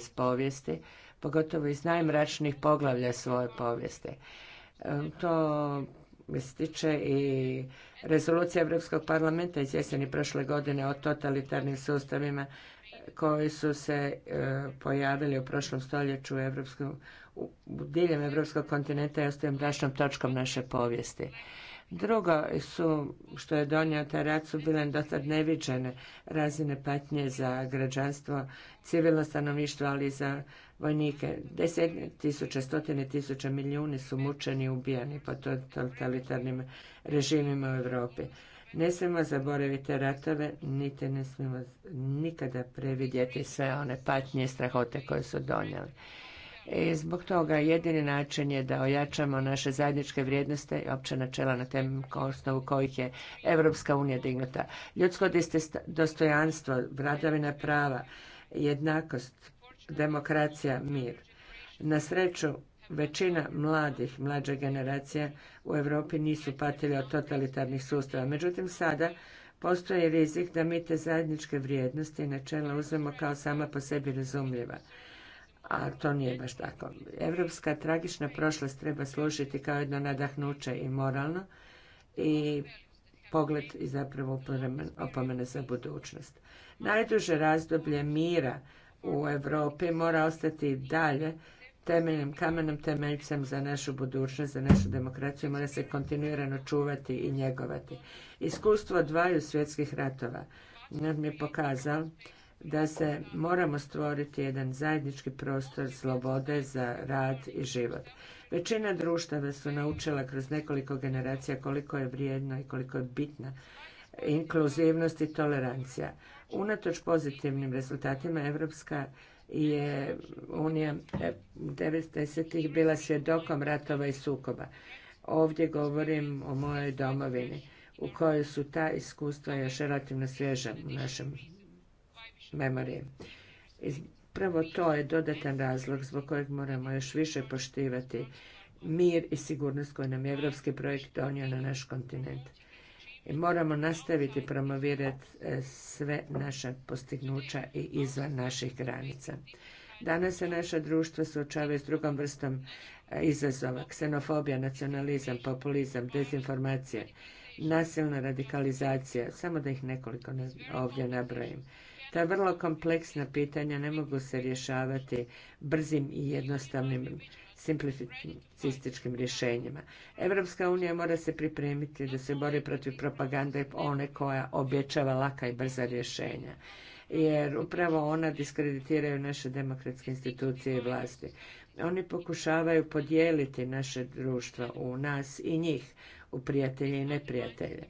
iz povijesti, pogotovo iz najmračnijih poglavlja svoje povijesti. To se tiče i rezolucije Europskog parlamenta iz jeseni prošle godine o totalitarnim sustavima koji su se e, pojavili u prošlom stoljeću u Evropskom, diljem Europskog kontinenta i ostaju mračnom točkom naše povijesti. Drugo su, što je donio taj rat, su bile dotad neviđene razine patnje za građanstvo, civilno stanovništvo, ali i za vojnike. Deset tisuća, stotine tisuća, milijuni su mučeni i ubijani po totalitarnim režimima u Europi. Ne smijemo zaboraviti ratove, niti ne smijemo nikada previdjeti sve one patnje i strahote koje su donijeli. I e, zbog toga jedini način je da ojačamo naše zajedničke vrijednosti i opće načela na tem osnovu kojih je Evropska unija dignuta. Ljudsko dostojanstvo, vladavina prava, jednakost, demokracija, mir. Na sreću, većina mladih, mlađe generacija u Europi nisu patili od totalitarnih sustava. Međutim, sada postoji rizik da mi te zajedničke vrijednosti i načela uzmemo kao sama po sebi razumljiva a to nije baš tako. Evropska tragična prošlost treba služiti kao jedno nadahnuće i moralno i pogled i zapravo opomene za budućnost. Najduže razdoblje mira u Europi mora ostati dalje temeljem, kamenom temeljcem za našu budućnost, za našu demokraciju, mora se kontinuirano čuvati i njegovati. Iskustvo dvaju svjetskih ratova nam je pokazalo da se moramo stvoriti jedan zajednički prostor slobode za rad i život. Većina društava su naučila kroz nekoliko generacija koliko je vrijedna i koliko je bitna inkluzivnost i tolerancija. Unatoč pozitivnim rezultatima Evropska je Unija 90-ih e, bila svjedokom ratova i sukoba. Ovdje govorim o mojoj domovini u kojoj su ta iskustva još relativno svježa u našem memorije. Prvo to je dodatan razlog zbog kojeg moramo još više poštivati mir i sigurnost koju nam je evropski projekt donio na naš kontinent. I moramo nastaviti promovirati e, sve naša postignuća i izvan naših granica. Danas se naša društva suočavaju s drugom vrstom e, izazova. Ksenofobija, nacionalizam, populizam, dezinformacije, nasilna radikalizacija. Samo da ih nekoliko ovdje nabrojim. Ta vrlo kompleksna pitanja ne mogu se rješavati brzim i jednostavnim simplificističkim rješenjima. Evropska unija mora se pripremiti da se bori protiv propagande one koja obječava laka i brza rješenja. Jer upravo ona diskreditiraju naše demokratske institucije i vlasti. Oni pokušavaju podijeliti naše društvo u nas i njih, u prijatelje i neprijatelje.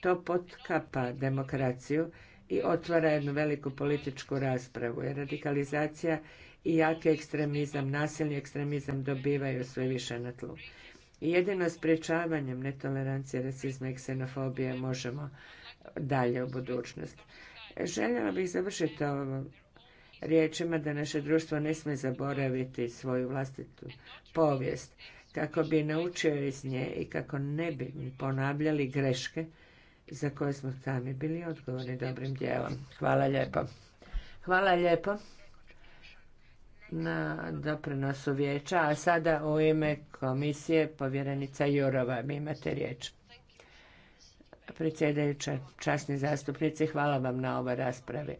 To potkapa demokraciju i otvara jednu veliku političku raspravu. Jer radikalizacija i jaki ekstremizam, nasilni ekstremizam dobivaju sve više na tlu. I jedino sprječavanjem netolerancije, rasizma i ksenofobije možemo dalje u budućnost. Željela bih završiti ovo riječima da naše društvo ne smije zaboraviti svoju vlastitu povijest kako bi naučio iz nje i kako ne bi ponavljali greške za koje smo sami bili odgovorni dobrim dijelom. Hvala lijepo. Hvala lijepo na doprinosu vijeća, a sada u ime komisije povjerenica Jurova mi imate riječ. Predsjedajuća, časni zastupnici, hvala vam na ovoj raspravi.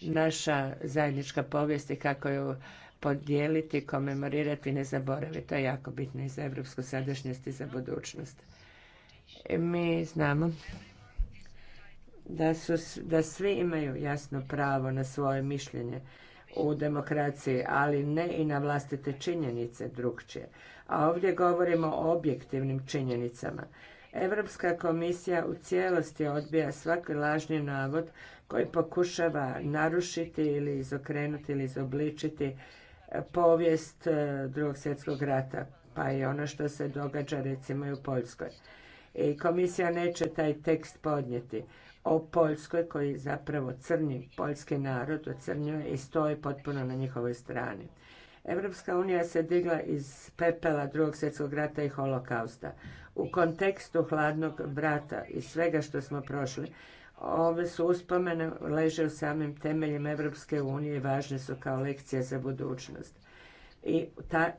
Naša zajednička povijest i kako ju podijeliti, komemorirati, ne zaboraviti, to je jako bitno i za evropsku sadašnjost i za budućnost. Mi znamo da, su, da svi imaju jasno pravo na svoje mišljenje u demokraciji, ali ne i na vlastite činjenice drugčije. A ovdje govorimo o objektivnim činjenicama. Europska komisija u cijelosti odbija svaki lažni navod koji pokušava narušiti ili izokrenuti ili izobličiti e, povijest e, drugog svjetskog rata, pa i ono što se događa recimo i u Poljskoj. I komisija neće taj tekst podnijeti o Poljskoj koji zapravo crni poljski narod, ocrnjuje i stoji potpuno na njihovoj strani. Evropska unija se digla iz pepela drugog svjetskog rata i holokausta. U kontekstu hladnog brata i svega što smo prošli, ove su uspomene leže u samim temeljima Evropske unije i važne su kao lekcije za budućnost. I ta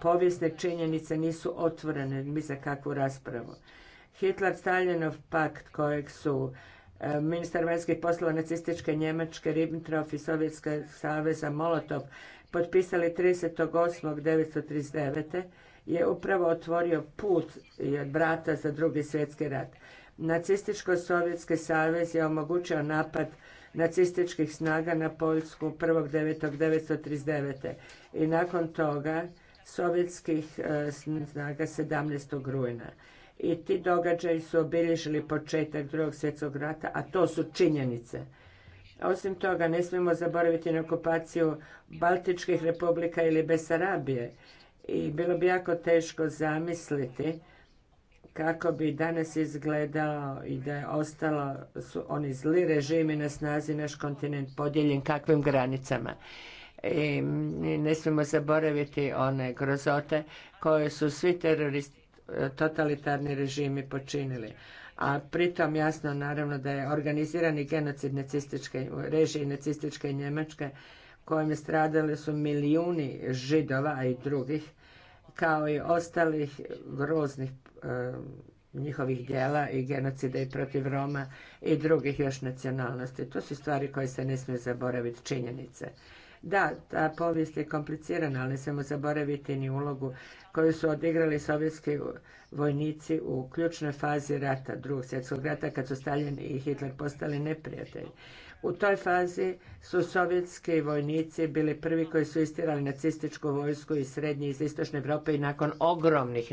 povijesne činjenice nisu otvorene ni za kakvu raspravu. Hitler-Stalinov pakt kojeg su E, ministar vanjskih poslova nacističke Njemačke, Ribbentrop i Sovjetskog saveza Molotov potpisali 38.939. je upravo otvorio put i od brata za drugi svjetski rat. Nacističko-sovjetski savez je omogućio napad nacističkih snaga na Poljsku 1.9.1939. i nakon toga sovjetskih e, snaga 17. rujna i ti događaji su obilježili početak drugog svjetskog rata, a to su činjenice. Osim toga, ne smijemo zaboraviti na okupaciju Baltičkih republika ili Besarabije. I bilo bi jako teško zamisliti kako bi danas izgledao i da je ostalo su oni zli režimi na snazi naš kontinent podijeljen kakvim granicama. I ne smijemo zaboraviti one grozote koje su svi teroristi totalitarni režimi počinili. A pritom jasno naravno da je organizirani genocid nacističke režije nacističke Njemačke kojim stradali su milijuni židova, i drugih, kao i ostalih groznih e, njihovih dijela i genocida i protiv Roma i drugih još nacionalnosti. To su stvari koje se ne smije zaboraviti, činjenice. Da, ta povijest je komplicirana, ali ne smijemo zaboraviti ni ulogu koju su odigrali sovjetski vojnici u ključnoj fazi rata, drugog svjetskog rata, kad su Stalin i Hitler postali neprijatelji. U toj fazi su sovjetski vojnici bili prvi koji su istirali nacističku vojsku iz srednje iz istočne Europe i nakon ogromnih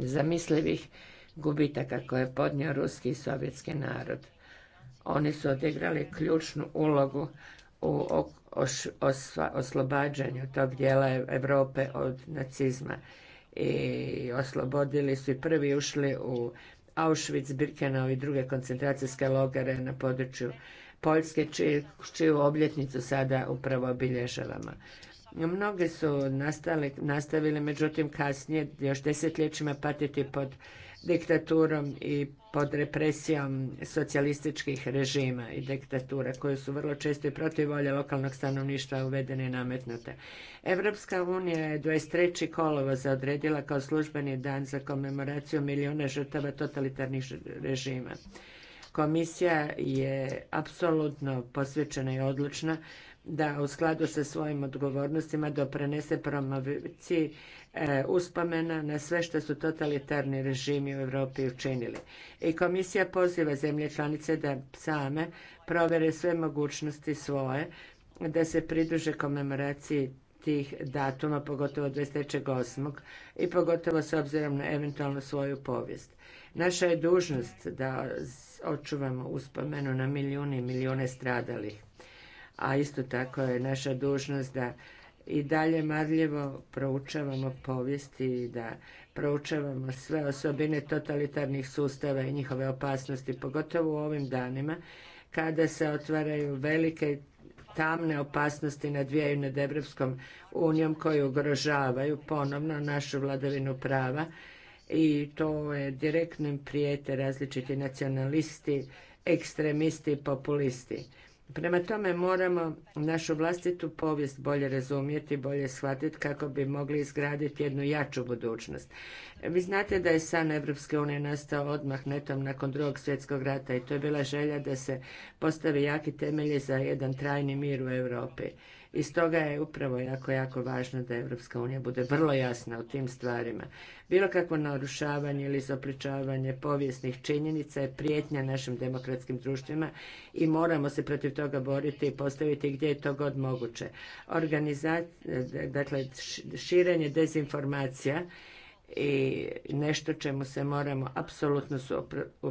nezamislivih gubitaka koje je podnio ruski i sovjetski narod. Oni su odigrali ključnu ulogu u oslobađanju tog dijela e- Europe od nacizma i oslobodili su i prvi ušli u Auschwitz, Birkenau i druge koncentracijske logore na području Poljske, čiju, obljetnicu sada upravo obilježavamo. Mnogi su nastavili, međutim kasnije još desetljećima patiti pod diktaturom i pod represijom socijalističkih režima i diktatura koje su vrlo često i protiv volje lokalnog stanovništva uvedene i nametnute. Evropska unija je 23. kolovoza odredila kao službeni dan za komemoraciju milijuna žrtava totalitarnih režima. Komisija je apsolutno posvećena i odlučna da u skladu sa svojim odgovornostima doprenese promovici e, uspomena na sve što su totalitarni režimi u Europi učinili. I komisija poziva zemlje članice da same provere sve mogućnosti svoje da se pridruže komemoraciji tih datuma, pogotovo 23.8. i pogotovo s obzirom na eventualno svoju povijest. Naša je dužnost da očuvamo uspomenu na milijune i milijune stradalih a isto tako je naša dužnost da i dalje marljivo proučavamo povijesti i da proučavamo sve osobine totalitarnih sustava i njihove opasnosti, pogotovo u ovim danima kada se otvaraju velike tamne opasnosti nadvijaju nad Evropskom unijom koje ugrožavaju ponovno našu vladavinu prava i to je direktno prijete različiti nacionalisti, ekstremisti i populisti. Prema tome moramo našu vlastitu povijest bolje razumjeti, bolje shvatiti kako bi mogli izgraditi jednu jaču budućnost. Vi znate da je san Evropske unije nastao odmah netom nakon drugog svjetskog rata i to je bila želja da se postavi jaki temelji za jedan trajni mir u Europi. I stoga je upravo jako, jako važno da Evropska unija bude vrlo jasna u tim stvarima. Bilo kakvo narušavanje ili zapričavanje povijesnih činjenica je prijetnja našim demokratskim društvima i moramo se protiv toga boriti i postaviti gdje je to god moguće. Dakle, širenje dezinformacija i nešto čemu se moramo apsolutno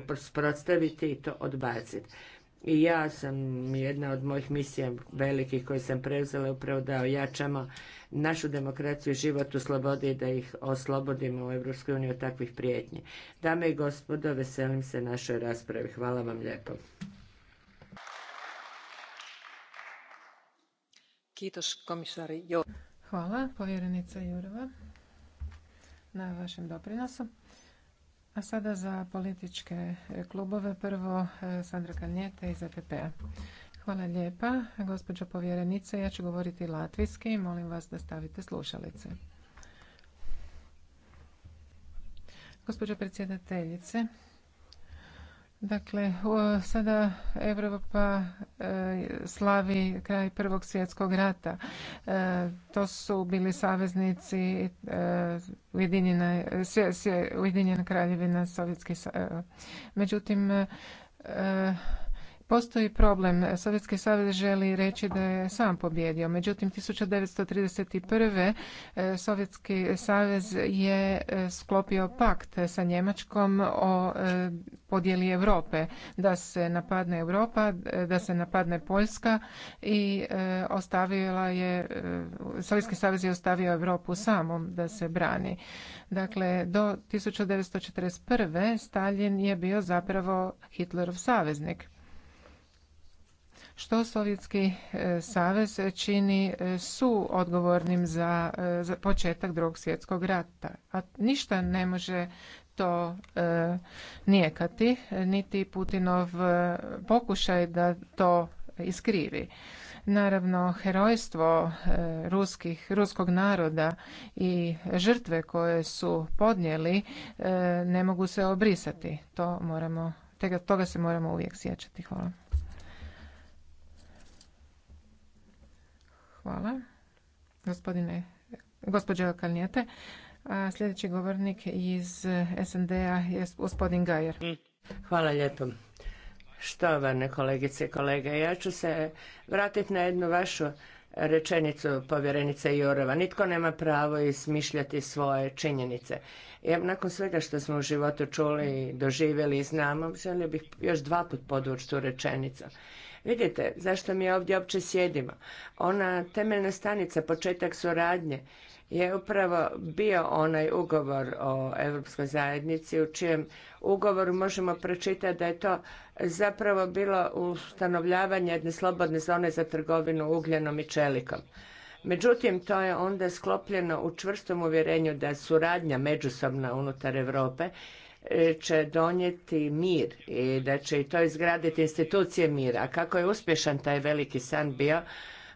suprotstaviti i to odbaciti. I ja sam, jedna od mojih misija velikih koje sam preuzela upravo da ojačamo našu demokraciju, i život u slobodi i da ih oslobodimo u EU od takvih prijetnji. Dame i gospodo, veselim se našoj raspravi. Hvala vam lijepo. Hvala, povjerenica Jurova, na vašem doprinosu. A sada za političke e, klubove. Prvo e, Sandra Kalnjete iz epp p-a. Hvala lijepa. Gospođo povjerenice, ja ću govoriti latvijski. Molim vas da stavite slušalice. Gospođo predsjedateljice, Dakle, sada Evropa e, slavi kraj Prvog svjetskog rata. E, to su bili saveznici e, Ujedinjena kraljevina Sovjetski Međutim, Postoji problem. Sovjetski savez želi reći da je sam pobjedio. Međutim, 1931. E, Sovjetski savez je e, sklopio pakt sa Njemačkom o e, podjeli Europe. Da se napadne Europa, da se napadne Poljska i ostavila je, Sovjetski savez je ostavio Europu samom da se brani. Dakle, do 1941. Stalin je bio zapravo Hitlerov saveznik što Sovjetski e, savez čini e, su odgovornim za, e, za početak drugog svjetskog rata. A ništa ne može to e, nijekati, niti Putinov pokušaj da to iskrivi. Naravno, herojstvo ruskih, ruskog naroda i žrtve koje su podnijeli ne mogu se obrisati. To moramo, toga se moramo uvijek sjećati. Hvala. Hvala. Gospodine, gospođo Kalnijete. Sljedeći govornik iz SND-a je gospodin Gajer. Hvala lijepo. Štovane kolegice i kolege, ja ću se vratiti na jednu vašu rečenicu povjerenice Jurova. Nitko nema pravo ismišljati svoje činjenice. Ja nakon svega što smo u životu čuli, doživjeli i znamo, želio bih još dva put podvući tu rečenicu. Vidite zašto mi ovdje uopće sjedimo. Ona temeljna stanica, početak suradnje je upravo bio onaj ugovor o Europskoj zajednici u čijem ugovoru možemo pročitati da je to zapravo bilo ustanovljavanje jedne slobodne zone za trgovinu ugljenom i čelikom. Međutim, to je onda sklopljeno u čvrstom uvjerenju da suradnja međusobna unutar Europe će donijeti mir i da će i to izgraditi institucije mira. A kako je uspješan taj veliki san bio,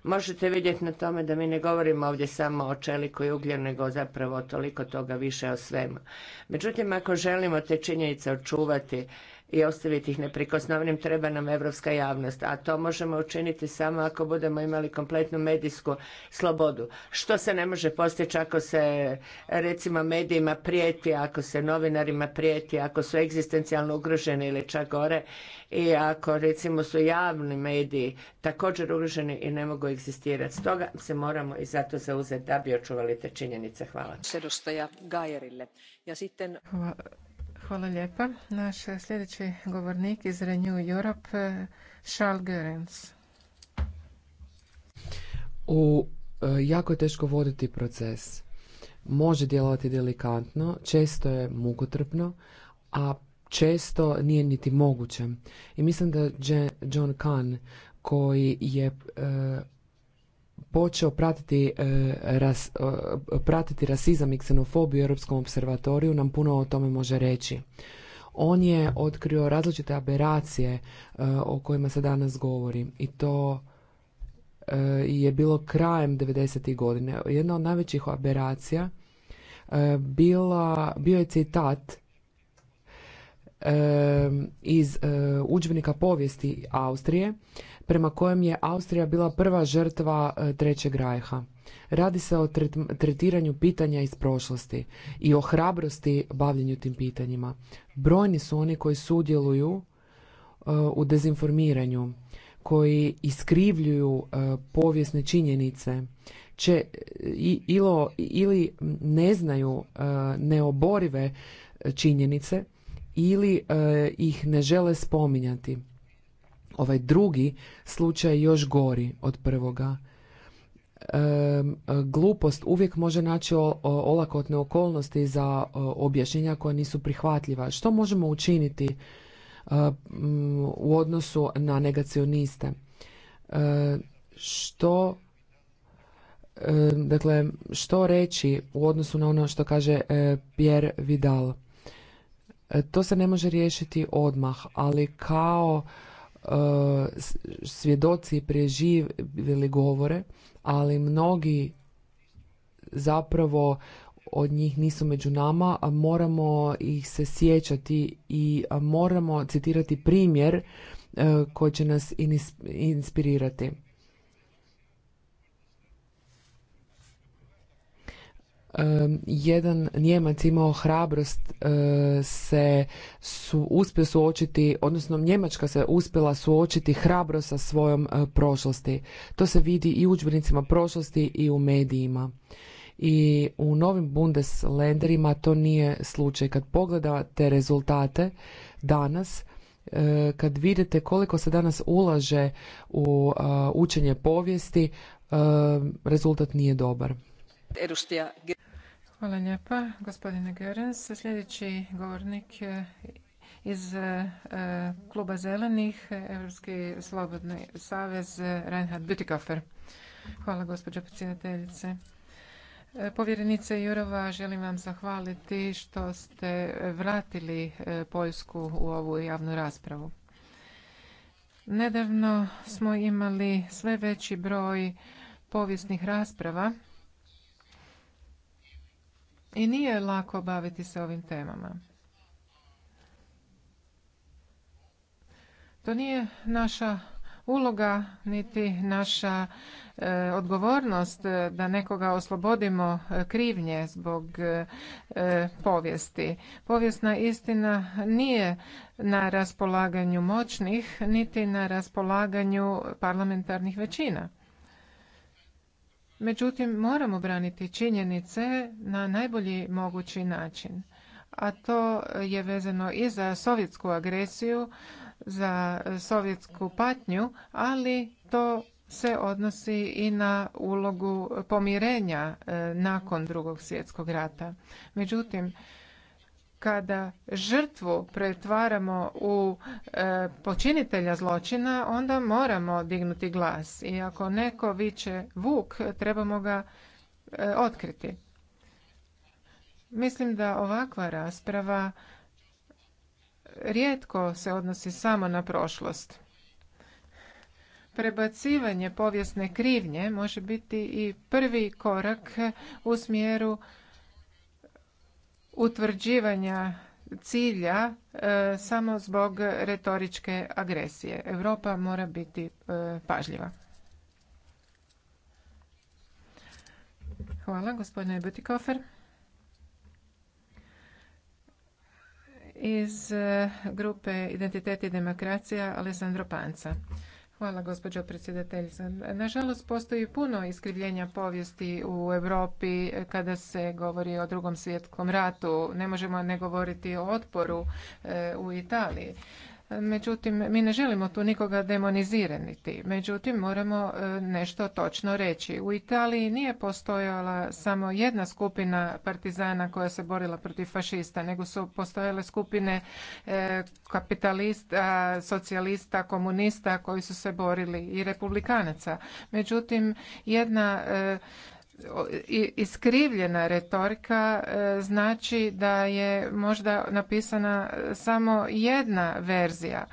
možete vidjeti na tome da mi ne govorimo ovdje samo o čeliku i ugljen, nego zapravo toliko toga više o svemu. Međutim, ako želimo te činjenice očuvati i ostaviti ih neprikosnovnim treba nam evropska javnost, a to možemo učiniti samo ako budemo imali kompletnu medijsku slobodu. Što se ne može postići ako se recimo medijima prijeti, ako se novinarima prijeti, ako su egzistencijalno ugroženi ili čak gore i ako recimo su javni mediji također ugroženi i ne mogu egzistirati. Stoga se moramo i zato zauzeti da bi očuvali te činjenice. Hvala. Hvala Hvala lijepa. Naš sljedeći govornik iz Renew Europe, Charles Goerens. U e, jako je teško voditi proces. Može djelovati delikatno, često je mukotrpno, a često nije niti moguće. I mislim da John Kahn, koji je e, počeo pratiti, e, e, pratiti rasizam i ksenofobiju u Europskom observatoriju nam puno o tome može reći. On je otkrio različite aberacije e, o kojima se danas govori i to je bilo krajem 90. godine. Jedna od najvećih aberacija bila, bio je citat iz udžbenika povijesti Austrije prema kojem je Austrija bila prva žrtva e, Trećeg rajha. Radi se o tretiranju pitanja iz prošlosti i o hrabrosti bavljenju tim pitanjima. Brojni su oni koji sudjeluju e, u dezinformiranju, koji iskrivljuju e, povijesne činjenice, će ilo, ili ne znaju neoborive činjenice ili ih ne žele spominjati. Ovaj drugi slučaj još gori od prvoga. glupost uvijek može naći olakotne okolnosti za objašnjenja koja nisu prihvatljiva. Što možemo učiniti e, u odnosu na negacioniste? E, što e, dakle, što reći u odnosu na ono što kaže Pierre Vidal? To se ne može riješiti odmah, ali kao E, svjedoci i preživjeli govore, ali mnogi zapravo od njih nisu među nama, a moramo ih se sjećati i moramo citirati primjer e, koji će nas inspirirati. jedan Njemac imao hrabrost e, se su, uspio suočiti, odnosno Njemačka se uspjela suočiti hrabro sa svojom e, prošlosti. To se vidi i u udžbenicima prošlosti i u medijima. I u novim bundeslenderima to nije slučaj. Kad pogledate rezultate danas, e, kad vidite koliko se danas ulaže u učenje povijesti, rezultat nije dobar. Hvala lijepa, gospodine Gerens. Sljedeći govornik iz e, kluba Zelenih, Europski slobodni savez, Reinhard Bütikofer. Hvala, gospođo predsjedateljice. E, povjerenice Jurova, želim vam zahvaliti što ste vratili e, Poljsku u ovu javnu raspravu. Nedavno smo imali sve veći broj povijesnih rasprava i nije lako baviti se ovim temama. To nije naša uloga niti naša e, odgovornost e, da nekoga oslobodimo e, krivnje zbog povijesti. Povijesna istina nije na raspolaganju moćnih niti na raspolaganju parlamentarnih većina. Međutim, moramo braniti činjenice na najbolji mogući način. A to je vezano i za sovjetsku agresiju, za sovjetsku patnju, ali to se odnosi i na ulogu pomirenja e, nakon drugog svjetskog rata. Međutim, kada žrtvu pretvaramo u e, počinitelja zločina onda moramo dignuti glas i ako neko viče vuk trebamo ga e, otkriti mislim da ovakva rasprava rijetko se odnosi samo na prošlost prebacivanje povijesne krivnje može biti i prvi korak u smjeru utvrđivanja cilja e, samo zbog retoričke agresije. Europa mora biti e, pažljiva. Hvala, gospodine Butikofer. Iz e, grupe Identitet i demokracija, Alessandro Panca. Hvala gospođo predsjedateljica. Nažalost postoji puno iskrivljenja povijesti u Europi kada se govori o drugom svjetskom ratu. Ne možemo ne govoriti o otporu e, u Italiji. Međutim, mi ne želimo tu nikoga demonizirati. Međutim, moramo e, nešto točno reći. U Italiji nije postojala samo jedna skupina partizana koja se borila protiv fašista, nego su postojale skupine e, kapitalista, socijalista, komunista koji su se borili i republikanaca. Međutim, jedna e, iskrivljena retorika e, znači da je možda napisana samo jedna verzija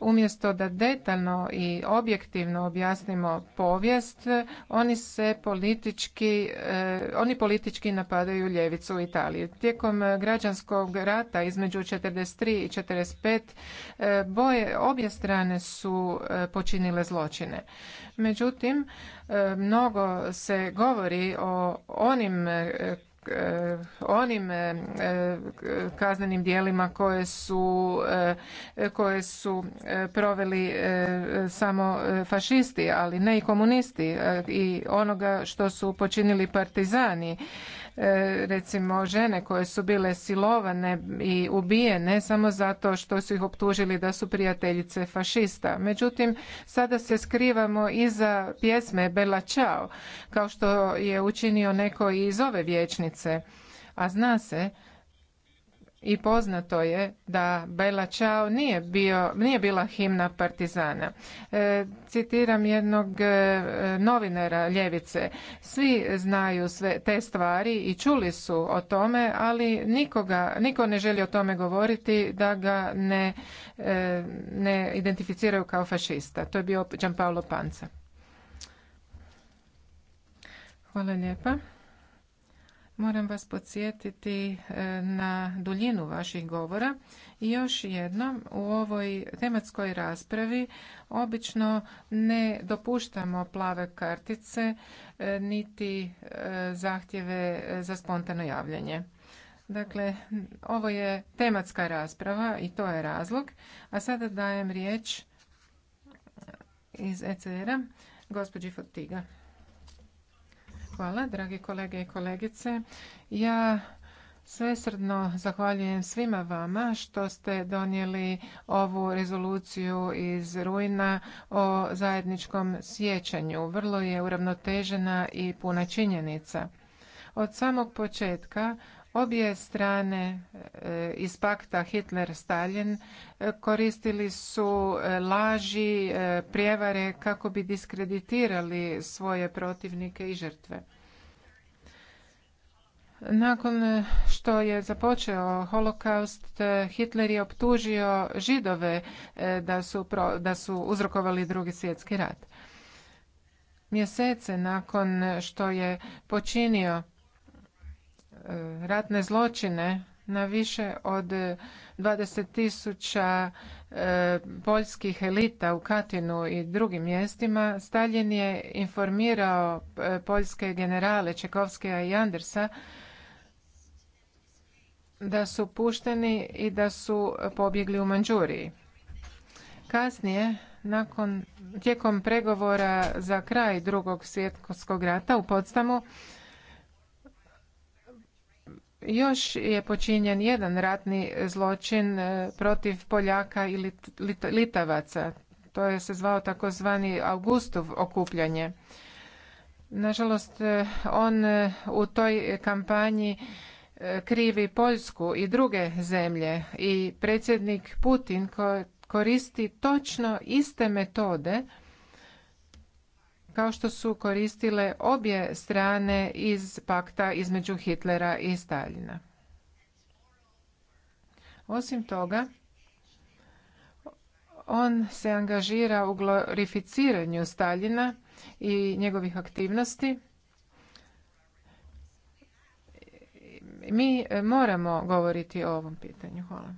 umjesto da detaljno i objektivno objasnimo povijest, oni se politički, eh, oni politički napadaju ljevicu u Italiji. Tijekom građanskog rata između 43 i 45 eh, boje obje strane su eh, počinile zločine. Međutim, mnogo se govori o onim E, onim e, e, kaznenim dijelima koje su, koje su proveli samo fašisti, ali ne i komunisti i onoga što su počinili partizani E, recimo žene koje su bile silovane i ubijene samo zato što su ih optužili da su prijateljice fašista. Međutim, sada se skrivamo iza pjesme Bella Ciao, kao što je učinio neko iz ove vječnice. A zna se i poznato je da Bela Ćao nije, bio, nije bila himna partizana. E, citiram jednog e, novinara Ljevice. Svi znaju sve te stvari i čuli su o tome, ali nikoga, niko ne želi o tome govoriti da ga ne, e, ne identificiraju kao fašista. To je bio Gianpaolo Panca. Hvala lijepa. Moram vas podsjetiti e, na duljinu vaših govora i još jednom u ovoj tematskoj raspravi obično ne dopuštamo plave kartice e, niti e, zahtjeve za spontano javljanje. Dakle, ovo je tematska rasprava i to je razlog. A sada dajem riječ iz ECR-a gospođi Fotiga. Hvala, dragi kolege i kolegice. Ja svesrdno zahvaljujem svima vama što ste donijeli ovu rezoluciju iz rujna o zajedničkom sjećanju. Vrlo je uravnotežena i puna činjenica. Od samog početka Obje strane e, iz pakta Hitler-Stalin e, koristili su e, laži, prijevare kako bi diskreditirali svoje protivnike i žrtve. Nakon što je započeo holokaust, Hitler je optužio židove da su, da su uzrokovali drugi svjetski rat. Mjesece nakon što je počinio ratne zločine na više od 20.000 e, poljskih elita u Katinu i drugim mjestima, Stalin je informirao e, poljske generale Čekovske i Andersa da su pušteni i da su pobjegli u Manđuriji. Kasnije, nakon, tijekom pregovora za kraj drugog svjetskog rata u Podstamu, još je počinjen jedan ratni zločin e, protiv Poljaka i Litavaca. To je se zvao takozvani Augustov okupljanje. Nažalost, e, on e, u toj kampanji krivi Poljsku i druge zemlje i predsjednik Putin koristi točno iste metode kao što su koristile obje strane iz pakta između Hitlera i Staljina. Osim toga, on se angažira u glorificiranju Staljina i njegovih aktivnosti. Mi moramo govoriti o ovom pitanju. Hvala.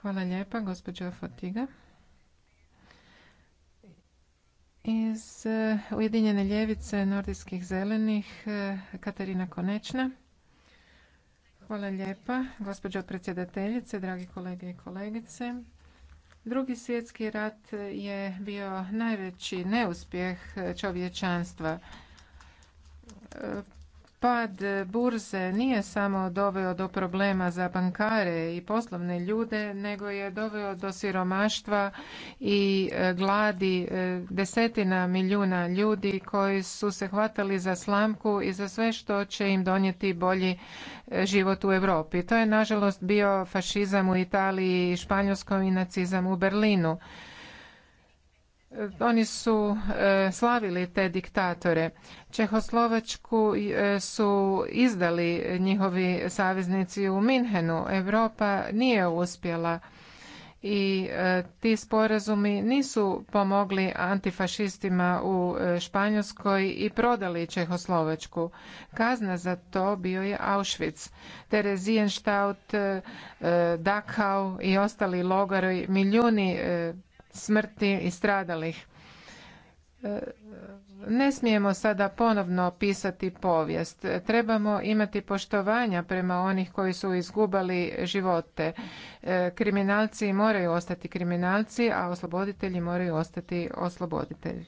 Hvala lijepa, gospođo Fotiga. iz e, Ujedinjene ljevice nordijskih zelenih e, Katarina Konečna. Hvala lijepa, gospođo predsjedateljice, dragi kolege i kolegice. Drugi svjetski rat je bio najveći neuspjeh čovječanstva e, Pad burze nije samo doveo do problema za bankare i poslovne ljude, nego je doveo do siromaštva i e, gladi e, desetina milijuna ljudi koji su se hvatali za slamku i za sve što će im donijeti bolji e, život u Europi. To je nažalost bio fašizam u Italiji, Španjolskom i nacizam u Berlinu. E, oni su e, slavili te diktatore. Čehoslovačku e, su izdali njihovi saveznici u Minhenu. Europa nije uspjela i ti sporazumi nisu pomogli antifašistima u Španjolskoj i prodali Čehoslovačku. Kazna za to bio je Auschwitz, Terezijenštaut, Dachau i ostali logori, milijuni smrti i stradalih. E, ne smijemo sada ponovno pisati povijest. Trebamo imati poštovanja prema onih koji su izgubali živote. E, kriminalci moraju ostati kriminalci, a osloboditelji moraju ostati osloboditelji.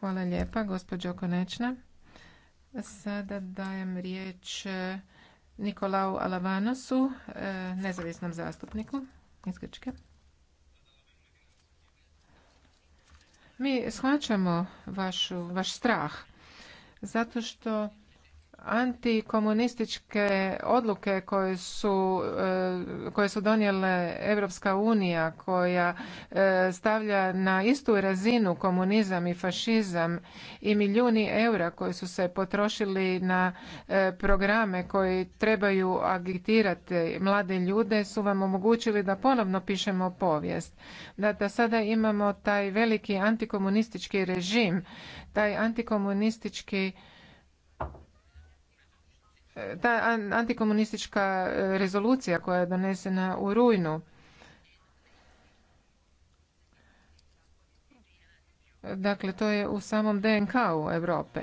Hvala lijepa, gospođo Konečna. Sada dajem riječ Nikolau Alavanosu, e, nezavisnom zastupniku iz Grčke. Mi shvaćamo vaš strah zato što antikomunističke odluke koje su, e, koje su donijele Europska unija koja e, stavlja na istu razinu komunizam i fašizam i milijuni eura koji su se potrošili na e, programe koji trebaju agitirati mlade ljude su vam omogućili da ponovno pišemo povijest. Da, da sada imamo taj veliki antikomunistički režim, taj antikomunistički ta antikomunistička e, rezolucija koja je donesena u rujnu dakle to je u samom DNK-u Europe.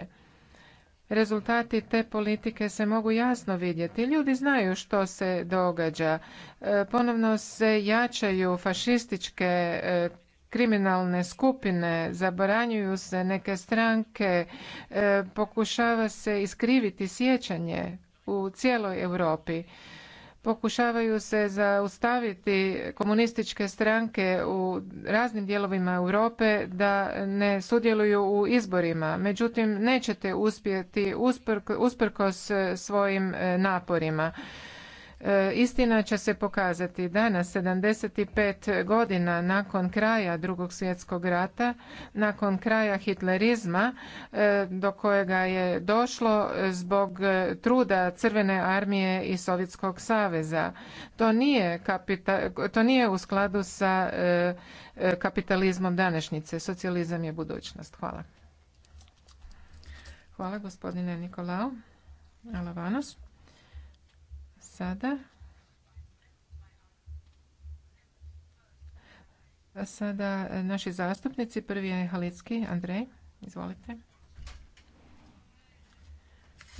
Rezultati te politike se mogu jasno vidjeti. Ljudi znaju što se događa. E, ponovno se jačaju fašističke e, kriminalne skupine, zabranjuju se neke stranke, e, pokušava se iskriviti sjećanje u cijeloj Europi. Pokušavaju se zaustaviti komunističke stranke u raznim dijelovima Europe da ne sudjeluju u izborima. Međutim, nećete uspjeti usprkos svojim e, naporima. E, istina će se pokazati. Danas, 75 godina nakon kraja drugog svjetskog rata, nakon kraja hitlerizma, e, do kojega je došlo zbog e, truda Crvene armije i Sovjetskog saveza. To nije, to nije u skladu sa kapitalizmom današnjice. Socijalizam je budućnost. Hvala. Hvala gospodine Nikolao Alavanos sada. Sada naši zastupnici. Prvi je Halicki Andrej. Izvolite.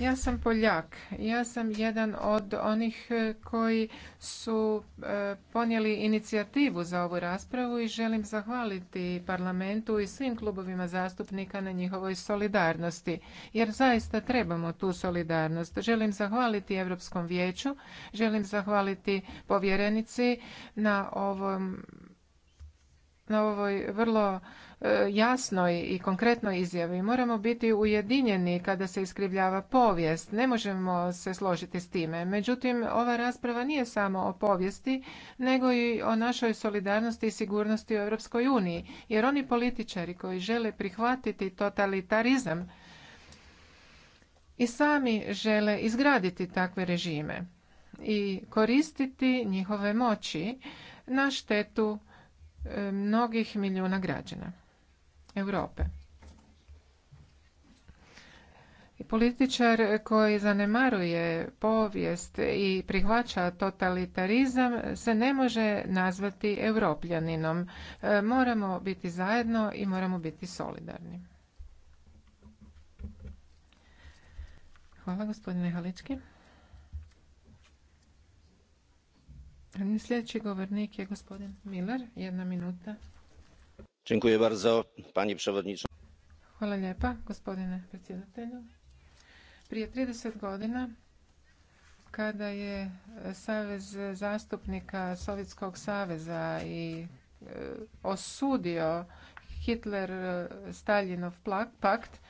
Ja sam Poljak. Ja sam jedan od onih e, koji su e, ponijeli inicijativu za ovu raspravu i želim zahvaliti parlamentu i svim klubovima zastupnika na njihovoj solidarnosti. Jer zaista trebamo tu solidarnost. Želim zahvaliti Europskom vijeću, želim zahvaliti povjerenici na ovom na ovoj vrlo e, jasnoj i konkretnoj izjavi. Moramo biti ujedinjeni kada se iskrivljava povijest. Ne možemo se složiti s time. Međutim, ova rasprava nije samo o povijesti, nego i o našoj solidarnosti i sigurnosti u Europskoj uniji. Jer oni političari koji žele prihvatiti totalitarizam i sami žele izgraditi takve režime i koristiti njihove moći na štetu E, mnogih milijuna građana Europe. I političar koji zanemaruje povijest i prihvaća totalitarizam se ne može nazvati europljaninom. E, moramo biti zajedno i moramo biti solidarni. Hvala gospodine Halički. Sljedeći govornik je gospodin Miller, jedna minuta. Dziękuję bardzo, Hvala lijepa, gospodine predsjedatelju. Prije 30 godina, kada je Savez zastupnika Sovjetskog saveza i e, osudio Hitler-Staljinov e, pakt,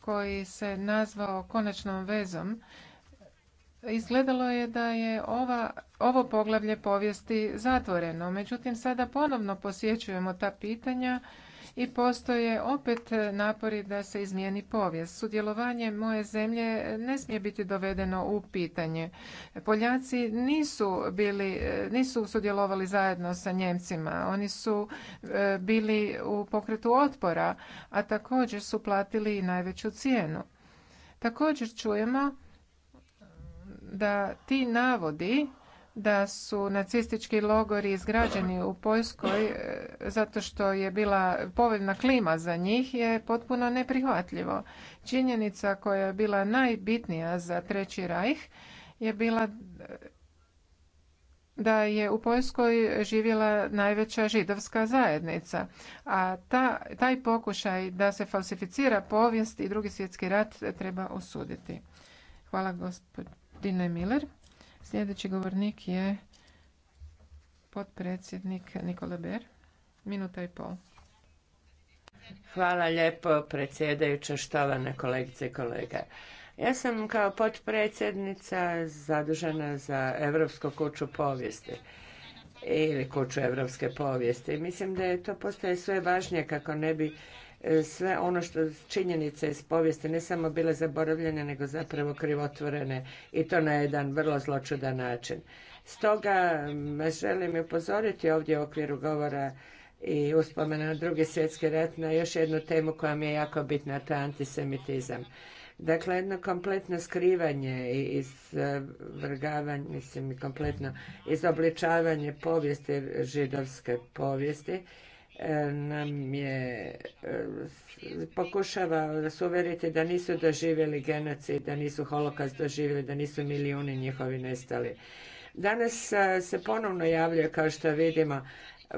koji se nazvao konačnom vezom, Izgledalo je da je ova, ovo poglavlje povijesti zatvoreno, međutim sada ponovno posjećujemo ta pitanja i postoje opet napori da se izmijeni povijest. Sudjelovanje moje zemlje ne smije biti dovedeno u pitanje. Poljaci nisu bili, nisu sudjelovali zajedno sa Njemcima. Oni su e, bili u pokretu otpora, a također su platili i najveću cijenu. Također čujemo da ti navodi da su nacistički logori izgrađeni u Poljskoj e, zato što je bila povoljna klima za njih je potpuno neprihvatljivo. Činjenica koja je bila najbitnija za Treći rajh je bila e, da je u Poljskoj živjela najveća židovska zajednica. A ta, taj pokušaj da se falsificira povijest i drugi svjetski rat treba osuditi. Hvala gospođo Dine Miller. Sljedeći govornik je potpredsjednik Nikola Ber. Minuta i pol. Hvala lijepo predsjedajuća, štovane kolegice i kolege. Ja sam kao potpredsjednica zadužena za Europsku kuću povijesti ili kuću europske povijesti. Mislim da je to postaje sve važnije kako ne bi E, sve ono što činjenice iz povijesti ne samo bile zaboravljene, nego zapravo krivotvorene i to na jedan vrlo zločudan način. Stoga želim upozoriti ovdje u okviru govora i uspomena na drugi svjetski rat na još jednu temu koja mi je jako bitna, to je antisemitizam. Dakle, jedno kompletno skrivanje i izvrgavanje, mislim, kompletno izobličavanje povijesti, židovske povijesti, E, nam je e, pokušava nas uvjeriti da nisu doživjeli genocid, da nisu holokast doživjeli, da nisu milijuni njihovi nestali. Danas e, se ponovno javljaju, kao što vidimo,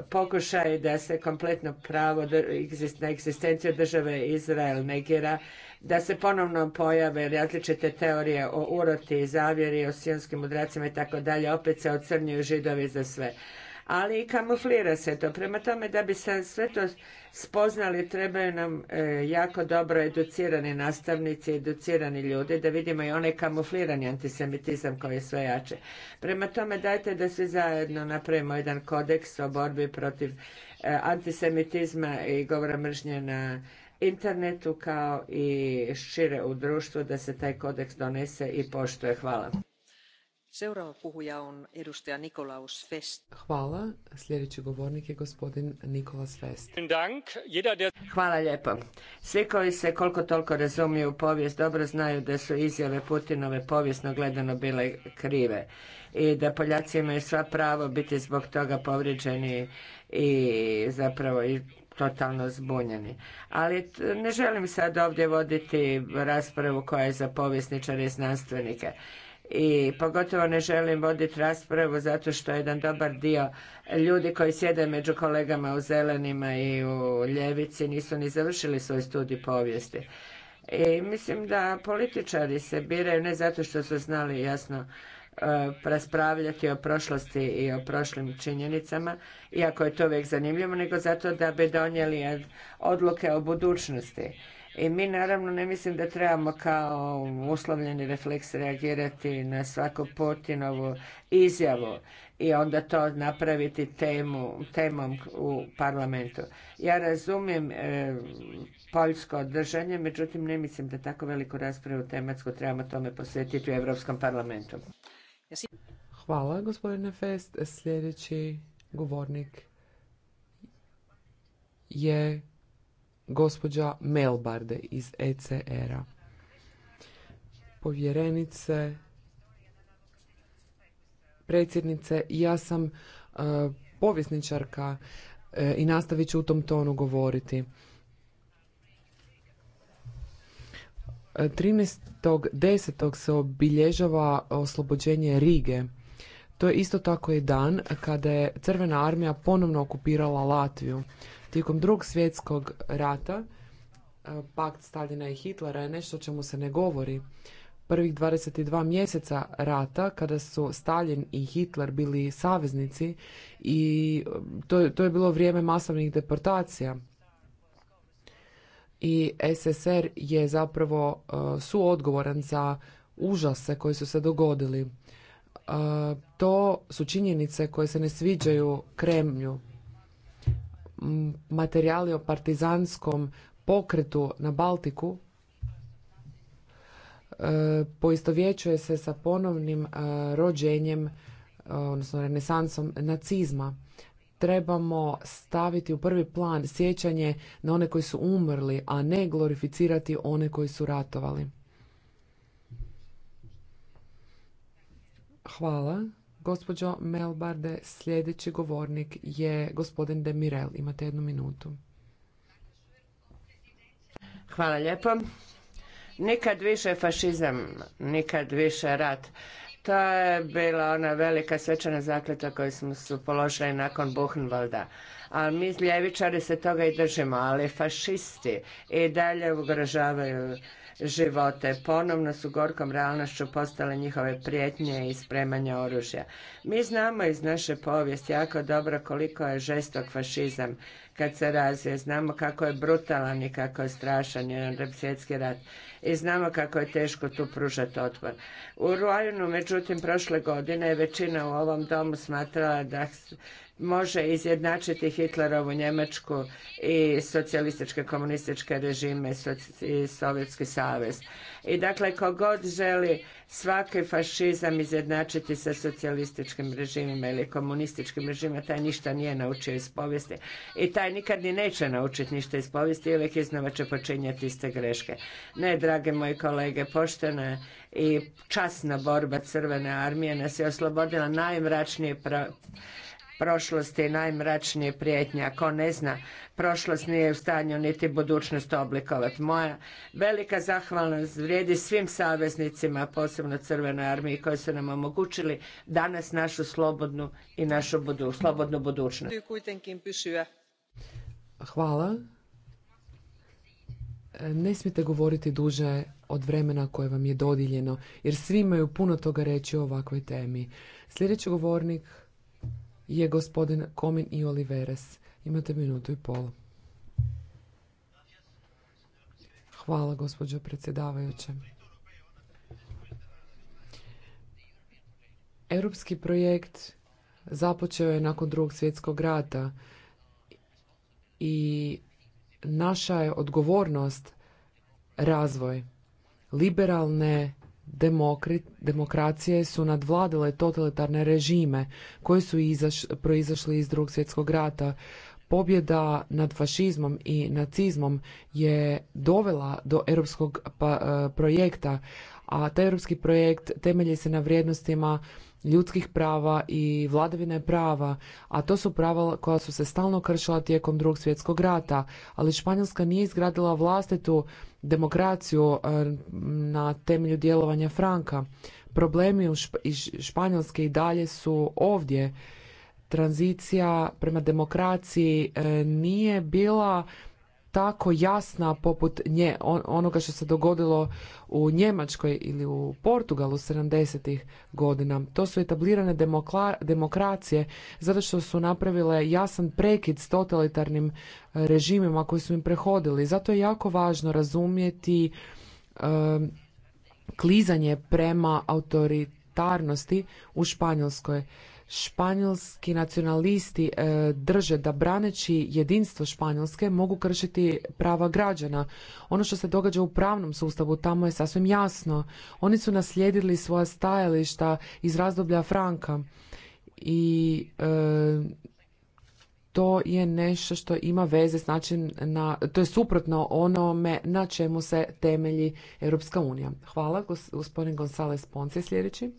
pokušaj da se kompletno pravo na egzistenciju države Izrael negira, da se ponovno pojave različite teorije o uroti, zavjeri, o sionskim udracima i tako dalje, opet se ocrnjuju židovi za sve ali i kamuflira se to. Prema tome, da bi se sve to spoznali, trebaju nam e, jako dobro educirani nastavnici, educirani ljudi, da vidimo i onaj kamuflirani antisemitizam koji je sve jače. Prema tome, dajte da svi zajedno napravimo jedan kodeks o borbi protiv e, antisemitizma i govora mržnje na internetu kao i šire u društvu da se taj kodeks donese i poštuje. Hvala. Hvala. Sljedeći govornik je gospodin Nikolas Fest. Hvala lijepo. Svi koji se koliko toliko razumiju u povijest dobro znaju da su izjave Putinove povijesno gledano bile krive i da Poljaci imaju sva pravo biti zbog toga povrijeđeni i zapravo i totalno zbunjeni. Ali ne želim sad ovdje voditi raspravu koja je za povjesničare i znanstvenike i pogotovo ne želim voditi raspravu zato što jedan dobar dio ljudi koji sjede među kolegama u zelenima i u ljevici nisu ni završili svoj studij povijesti. I mislim da političari se biraju ne zato što su znali jasno e, raspravljati o prošlosti i o prošlim činjenicama, iako je to uvijek zanimljivo, nego zato da bi donijeli odluke o budućnosti. I mi naravno ne mislim da trebamo kao uslovljeni refleks reagirati na svaku Putinovu izjavu i onda to napraviti temu, temom u parlamentu. Ja razumijem e, poljsko držanje, međutim ne mislim da tako veliku raspravu tematsku trebamo tome posvetiti u Europskom parlamentu. Hvala gospodine Fest. Sljedeći govornik je gospođa Melbarde iz ECR-a. Povjerenice, predsjednice, ja sam e, povjesničarka e, i nastavit ću u tom tonu govoriti. 13.10. se obilježava oslobođenje Rige. To je isto tako i dan kada je Crvena armija ponovno okupirala Latviju. Tijekom drugog svjetskog rata e, pakt Stalina i Hitlera je nešto o čemu se ne govori. Prvih 22 mjeseca rata, kada su Staljin i Hitler bili saveznici i e, to, to je bilo vrijeme masovnih deportacija. I SSR je zapravo e, suodgovoran za užase koji su se dogodili. To su činjenice koje se ne sviđaju Kremlju materijali o partizanskom pokretu na Baltiku e, poistovjećuje se sa ponovnim e, rođenjem, e, odnosno renesansom nacizma. Trebamo staviti u prvi plan sjećanje na one koji su umrli, a ne glorificirati one koji su ratovali. Hvala. Gospođo Melbarde, sljedeći govornik je gospodin Demirel. Imate jednu minutu. Hvala lijepo. Nikad više fašizam, nikad više rat. To je bila ona velika svečana zakleta koju smo su položili nakon Buchenwalda. A mi ljevičari se toga i držimo, ali fašisti i dalje ugrožavaju živote. Ponovno su gorkom realnošću postale njihove prijetnje i spremanja oružja. Mi znamo iz naše povijesti jako dobro koliko je žestok fašizam kad se razvije. Znamo kako je brutalan i kako je strašan jedan svjetski rat. I znamo kako je teško tu pružati otvor. U rujnu međutim, prošle godine je većina u ovom domu smatrala da može izjednačiti Hitlerovu Njemačku i socijalističke komunističke režime i Sovjetski savez. I dakle, kogod želi svaki fašizam izjednačiti sa socijalističkim režimima ili komunističkim režimima, taj ništa nije naučio iz povijesti i taj nikad ni neće naučiti ništa iz povijesti i uvijek iznova će počinjati iste greške. Ne, drage moji kolege, poštena i časna borba Crvene armije nas je oslobodila najmračnije prošlost je najmračnije prijetnje. Ako ne zna, prošlost nije u stanju niti budućnost oblikovati. Moja velika zahvalnost vrijedi svim saveznicima, posebno Crvenoj armiji, koji su nam omogućili danas našu slobodnu i našu budu, slobodnu budućnost. Hvala. Ne smijete govoriti duže od vremena koje vam je dodijeljeno, jer svi imaju puno toga reći o ovakvoj temi. Sljedeći govornik je gospodin Komin i Oliveres. Imate minutu i pol. Hvala, gospođo predsjedavajuće. Europski projekt započeo je nakon drugog svjetskog rata i naša je odgovornost razvoj liberalne demokracije su nadvladale totalitarne režime koji su izaš, proizašli iz drugog svjetskog rata. Pobjeda nad fašizmom i nacizmom je dovela do europskog pa, e, projekta, a taj europski projekt temelji se na vrijednostima ljudskih prava i vladavine prava, a to su prava koja su se stalno kršila tijekom drugog svjetskog rata, ali Španjolska nije izgradila vlastitu demokraciju e, na temelju djelovanja Franka. Problemi u Španjolske i dalje su ovdje. Tranzicija prema demokraciji e, nije bila tako jasna poput nje, onoga što se dogodilo u Njemačkoj ili u Portugalu 70-ih godina. To su etablirane demokracije zato što su napravile jasan prekid s totalitarnim e, režimima koji su im prehodili. Zato je jako važno razumjeti e, klizanje prema autoritarnosti u Španjolskoj španjolski nacionalisti e, drže da braneći jedinstvo Španjolske mogu kršiti prava građana. Ono što se događa u pravnom sustavu tamo je sasvim jasno. Oni su naslijedili svoja stajališta iz razdoblja Franka i e, to je nešto što ima veze s način na, to je suprotno onome na čemu se temelji Europska unija. Hvala, gospodin Gonzales Ponce sljedeći.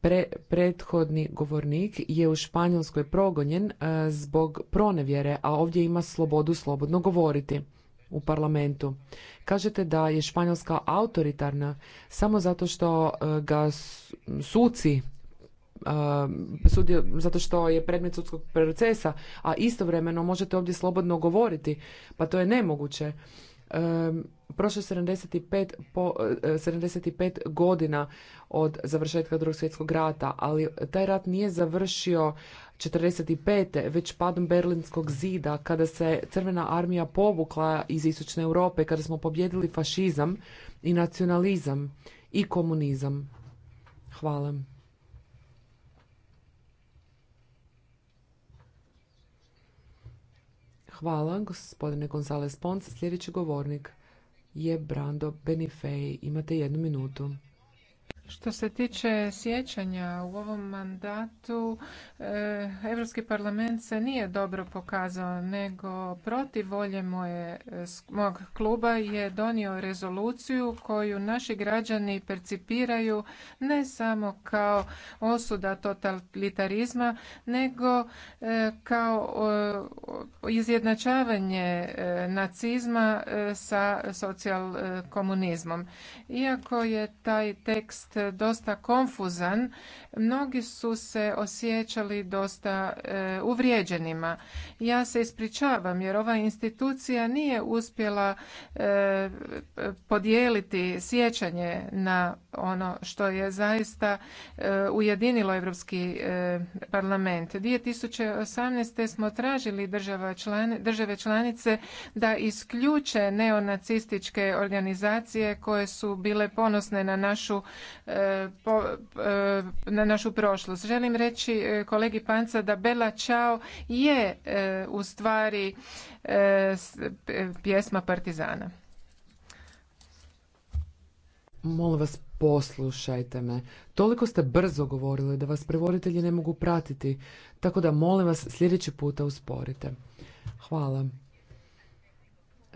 Pre, prethodni govornik je u Španjolskoj progonjen e, zbog pronevjere, a ovdje ima slobodu slobodno govoriti u parlamentu. Kažete da je Španjolska autoritarna samo zato što e, ga suci e, zato što je predmet sudskog procesa, a istovremeno možete ovdje slobodno govoriti. Pa to je nemoguće prošlo 75, po, 75 e, godina od završetka drugog svjetskog rata, ali taj rat nije završio 45. već padom Berlinskog zida kada se crvena armija povukla iz istočne Europe, kada smo pobjedili fašizam i nacionalizam i komunizam. Hvala. Hvala, gospodine Gonzales Ponce. Sljedeći govornik je Brando Benifej. Imate jednu minutu. Što se tiče sjećanja u ovom mandatu, Europski parlament se nije dobro pokazao, nego protiv volje e, mog kluba je donio rezoluciju koju naši građani percipiraju ne samo kao osuda totalitarizma, nego e, kao izjednačavanje e, nacizma sa socijalkomunizmom. Iako je taj tekst dosta konfuzan. Mnogi su se osjećali dosta e, uvrijeđenima. Ja se ispričavam jer ova institucija nije uspjela e, podijeliti sjećanje na ono što je zaista e, ujedinilo Europski parlament. 2018. smo tražili član, države članice da isključe neonacističke organizacije koje su bile ponosne na našu E, e, na našu prošlost. Želim reći e, kolegi Panca da Bela Ćao je u stvari pjesma Partizana. Molim vas, poslušajte me. Toliko ste brzo govorili da vas prevoditelji ne mogu pratiti, tako da molim vas sljedeći puta usporite. Hvala.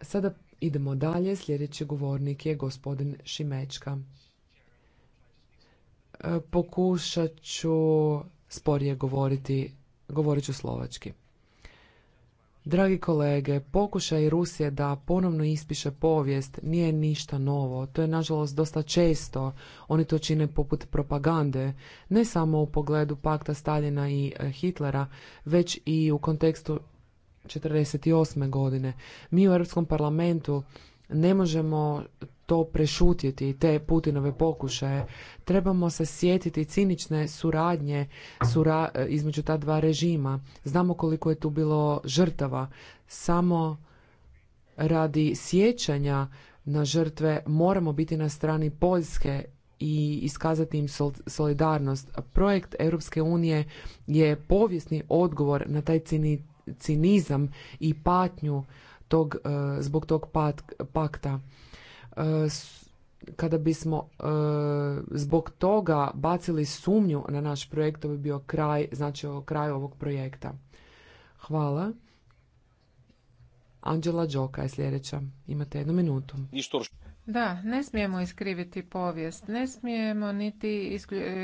Sada idemo dalje. Sljedeći govornik je gospodin Šimečka. E, pokušat ću sporije govoriti, govorit ću slovački. Dragi kolege, pokušaj Rusije da ponovno ispiše povijest nije ništa novo. To je nažalost dosta često. Oni to čine poput propagande, ne samo u pogledu pakta Staljina i e, Hitlera, već i u kontekstu 48. godine. Mi u Europskom parlamentu ne možemo to prešutjeti te Putinove pokušaje. Trebamo se sjetiti cinične suradnje e, između ta dva režima. Znamo koliko je tu bilo žrtava. Samo radi sjećanja na žrtve moramo biti na strani Poljske i iskazati im solidarnost. Projekt Europske unije je povijesni odgovor na taj cinizam i patnju tog, e, zbog tog pakta. E, kada bismo e, zbog toga bacili sumnju na naš projekt, to bi bio kraj, znači kraj ovog projekta. Hvala. Anđela Đoka je sljedeća. Imate jednu minutu. Da, ne smijemo iskriviti povijest, ne smijemo niti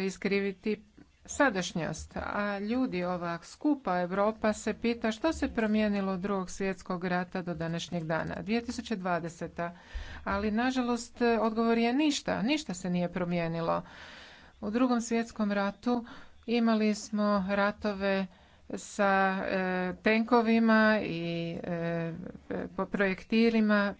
iskriviti sadašnjost, a ljudi ova skupa Europa se pita što se promijenilo od drugog svjetskog rata do današnjeg dana, 2020. Ali nažalost odgovor je ništa, ništa se nije promijenilo. U drugom svjetskom ratu imali smo ratove sa e, tenkovima i e, projektirima.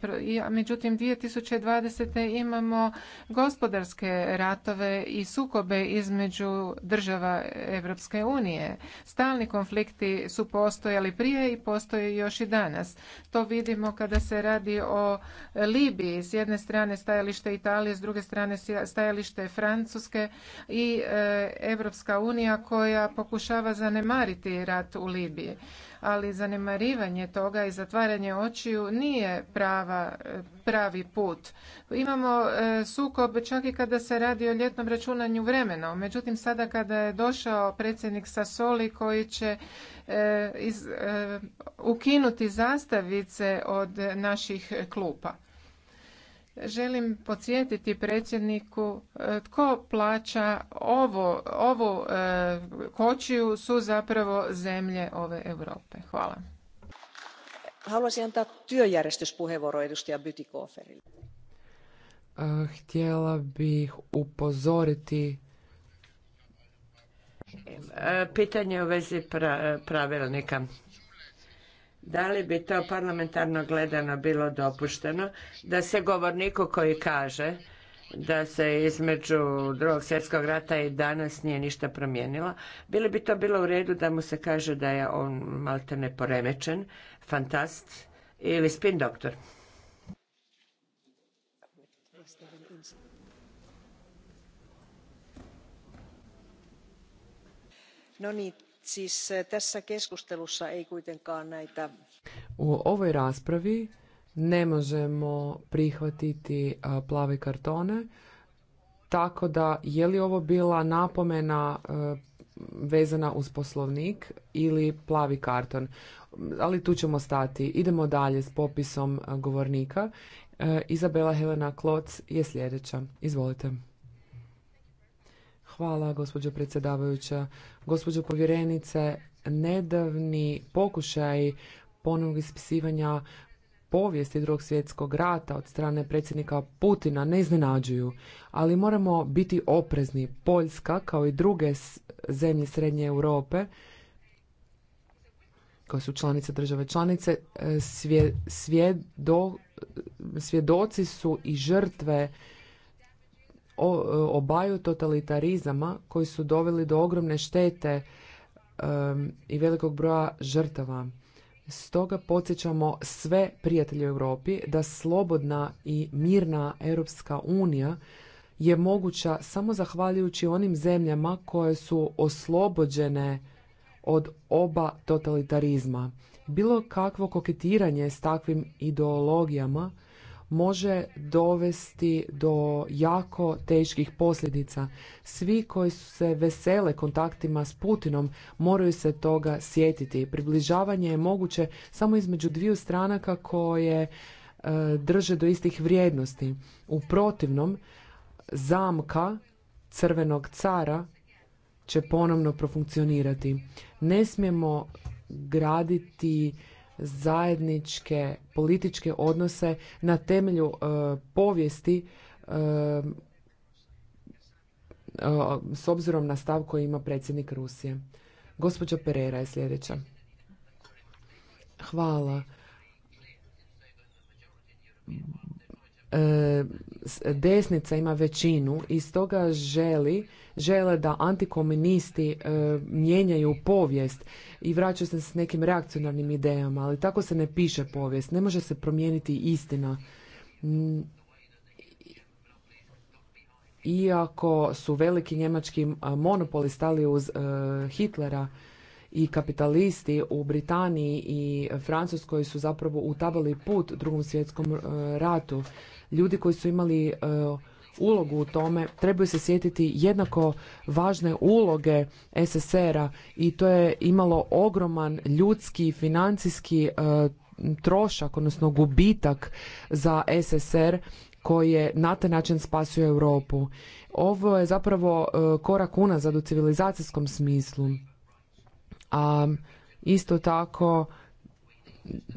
Međutim, 2020. imamo gospodarske ratove i sukobe između država Europske unije. Stalni konflikti su postojali prije i postoje još i danas. To vidimo kada se radi o Libiji. S jedne strane stajalište Italije, s druge strane stajalište Francuske i Europska unija koja pokušava zanemariti rat u Libiji. Ali zanemarivanje toga i zatvaranje očiju nije prava, pravi put. Imamo e, sukob čak i kada se radi o ljetnom računanju vremena. Međutim, sada kada je došao predsjednik Sasoli koji će e, iz, e, ukinuti zastavice od naših klupa želim podsjetiti predsjedniku e, tko plaća ovo, ovu e, kočiju su zapravo zemlje ove Europe. Hvala. Haluaisin antaa työjärjestyspuheenvuoro edustaja Bytikoferille. E, htjela bih upozoriti Pitanje u vezi pravilnika da li bi to parlamentarno gledano bilo dopušteno da se govorniku koji kaže da se između drugog svjetskog rata i danas nije ništa promijenilo, bili bi to bilo u redu da mu se kaže da je on maltene poremećen, fantast ili spin doktor. No Eh, U ovoj raspravi ne možemo prihvatiti plave kartone, tako da je li ovo bila napomena vezana uz poslovnik ili plavi karton. Ali tu ćemo stati. Idemo dalje s popisom govornika. E, Izabela Helena Kloc je sljedeća. Izvolite. Hvala, gospođo predsjedavajuća. Gospođo povjerenice, nedavni pokušaj ponovnog ispisivanja povijesti drugog svjetskog rata od strane predsjednika Putina ne iznenađuju, ali moramo biti oprezni. Poljska, kao i druge zemlje Srednje Europe, koje su članice države članice, e, svjedoci su i žrtve E, obaju totalitarizama koji su doveli do ogromne štete e, i velikog broja žrtava. Stoga podsjećamo sve prijatelje u Europi da slobodna i mirna Europska unija je moguća samo zahvaljujući onim zemljama koje su oslobođene od oba totalitarizma. Bilo kakvo koketiranje s takvim ideologijama može dovesti do jako teških posljedica. Svi koji se vesele kontaktima s Putinom moraju se toga sjetiti. Približavanje je moguće samo između dviju stranaka koje e, drže do istih vrijednosti. U protivnom, zamka crvenog cara će ponovno profunkcionirati. Ne smijemo graditi zajedničke političke odnose na temelju e, povijesti e, e, s obzirom na stav koji ima predsjednik Rusije. Gospođa Perera je sljedeća. Hvala. E, desnica ima većinu i stoga želi, žele da antikomunisti e, mijenjaju povijest i vraćaju se s nekim reakcionarnim idejama, ali tako se ne piše povijest. Ne može se promijeniti istina. Mm. Iako su veliki njemački monopoli stali uz e, Hitlera, i kapitalisti u Britaniji i Francuskoj su zapravo utabali put drugom svjetskom e, ratu. Ljudi koji su imali e, ulogu u tome trebaju se sjetiti jednako važne uloge SSR-a i to je imalo ogroman ljudski i financijski e, trošak, odnosno gubitak za SSR koji je na taj način spasio Europu. Ovo je zapravo korak unazad u civilizacijskom smislu. A isto tako,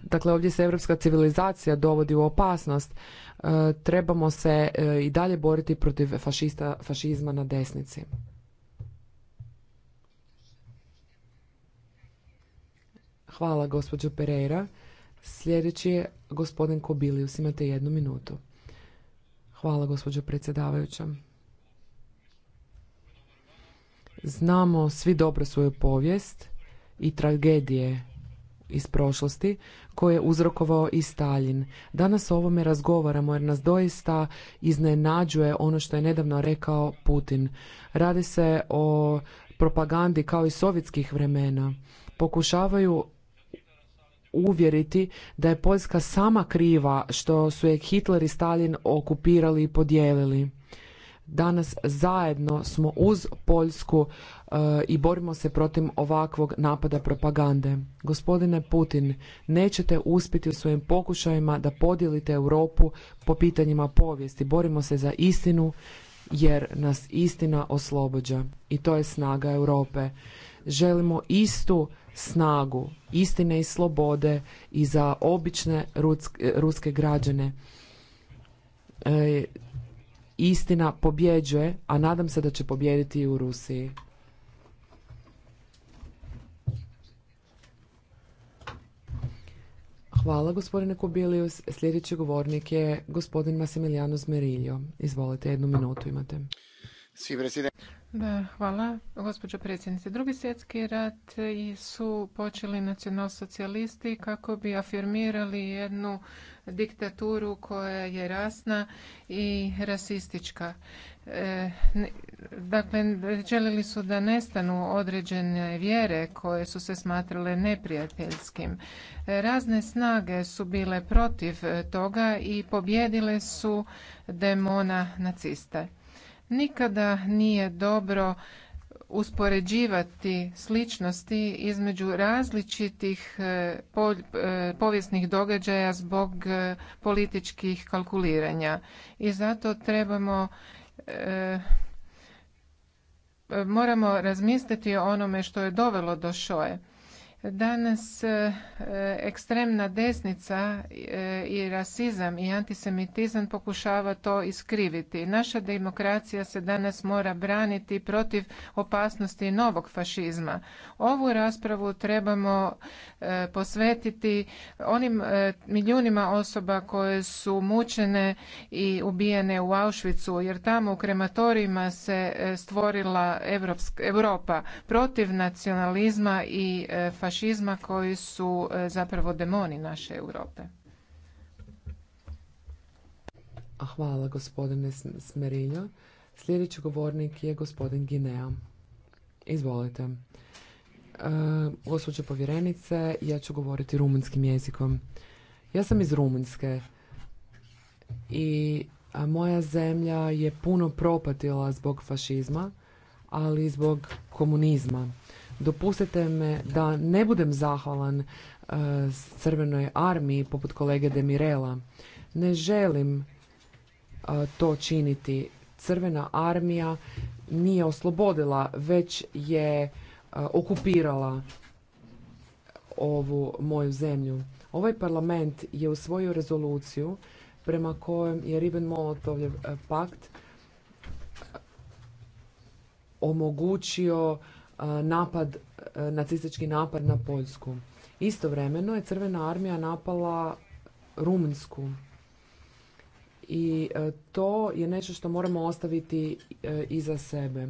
dakle ovdje se europska civilizacija dovodi u opasnost. E, trebamo se e, i dalje boriti protiv fašista, fašizma na desnici. Hvala gospođo Pereira. Sljedeći je gospodin Kobilius. Imate jednu minutu. Hvala gospođo predsjedavajuća. Znamo svi dobro svoju povijest i tragedije iz prošlosti koje je uzrokovao i Stalin. Danas o ovome razgovaramo jer nas doista iznenađuje ono što je nedavno rekao Putin. Radi se o propagandi kao i sovjetskih vremena. Pokušavaju uvjeriti da je Poljska sama kriva što su je Hitler i Stalin okupirali i podijelili. Danas zajedno smo uz Poljsku e, i borimo se protiv ovakvog napada propagande. Gospodine Putin, nećete uspjeti u svojim pokušajima da podijelite Europu po pitanjima povijesti. Borimo se za istinu jer nas istina oslobođa i to je snaga Europe. Želimo istu snagu istine i slobode i za obične ruske građane. E, istina pobjeđuje, a nadam se da će pobijediti i u Rusiji. Hvala gospodine Kubilius. Sljedeći govornik je gospodin Massimiliano Zmeriljo. Izvolite, jednu minutu imate. Da, hvala, gospođo predsjednice. Drugi svjetski rat su počeli nacionalsocijalisti kako bi afirmirali jednu diktaturu koja je rasna i rasistička. E, dakle, željeli su da nestanu određene vjere koje su se smatrale neprijateljskim. E, razne snage su bile protiv e, toga i pobjedile su demona naciste. Nikada nije dobro uspoređivati sličnosti između različitih e, e, povijesnih događaja zbog e, političkih kalkuliranja i zato trebamo moramo razmisliti o onome što je dovelo do šoje Danas e, ekstremna desnica e, i rasizam i antisemitizam pokušava to iskriviti. Naša demokracija se danas mora braniti protiv opasnosti novog fašizma. Ovu raspravu trebamo e, posvetiti onim milijunima osoba koje su mučene i ubijene u Auschwitzu jer tamo u krematorijima se stvorila Evropa protiv nacionalizma i fašizma fašizma koji su e, zapravo demoni naše Europe. Hvala gospodine Smerilja. Sljedeći govornik je gospodin Ginea. Izvolite. E, gospođo povjerenice, ja ću govoriti rumunskim jezikom. Ja sam iz Rumunjske i moja zemlja je puno propatila zbog fašizma, ali i zbog komunizma. Dopustite me da ne budem zahvalan e, Crvenoj armiji poput kolege Demirela. Ne želim e, to činiti. Crvena armija nije oslobodila, već je e, okupirala ovu moju zemlju. Ovaj parlament je usvojio rezoluciju prema kojem je riben molotov pakt omogućio E, napad, e, nacistički napad na Poljsku. Istovremeno je Crvena armija napala Rumunjsku. I e, to je nešto što moramo ostaviti iza sebe.